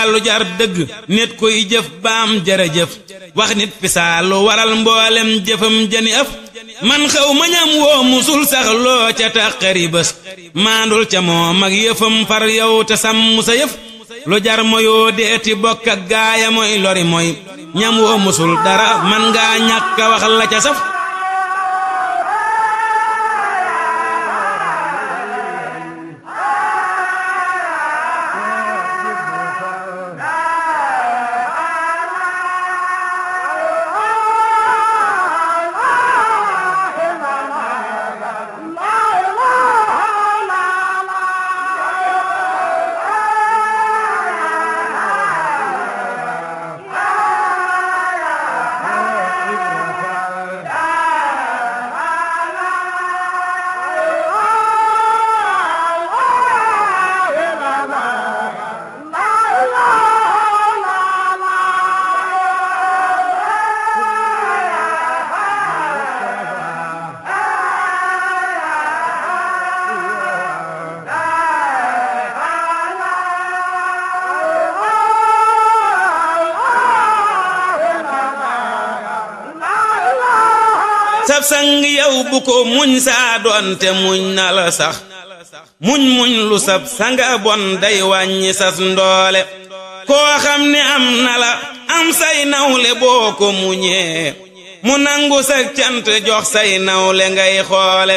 misaal lu jar dëgg nit kuy jëf baam jërëjëf wax nit misaal lu waral mboolem jëfam jëni ëf man xaw ma ñam woo musul sax loo ca taqari bés maandul ca moom ak yëfam far yow te sàmm sa yëf lu jar moyoo deeti bokk gaaya moy lori moy ñam woo musul dara man ngaa ñàkk wax la ca saf sab sang yow bu ko muñ saa doonte muñ na la sax muñ muñ lu sab sanga bon day wàññi sas ndoole koo xam ne am na am say nawle boo ko muñee mu nangu sag cant jox say nawle ngay xoole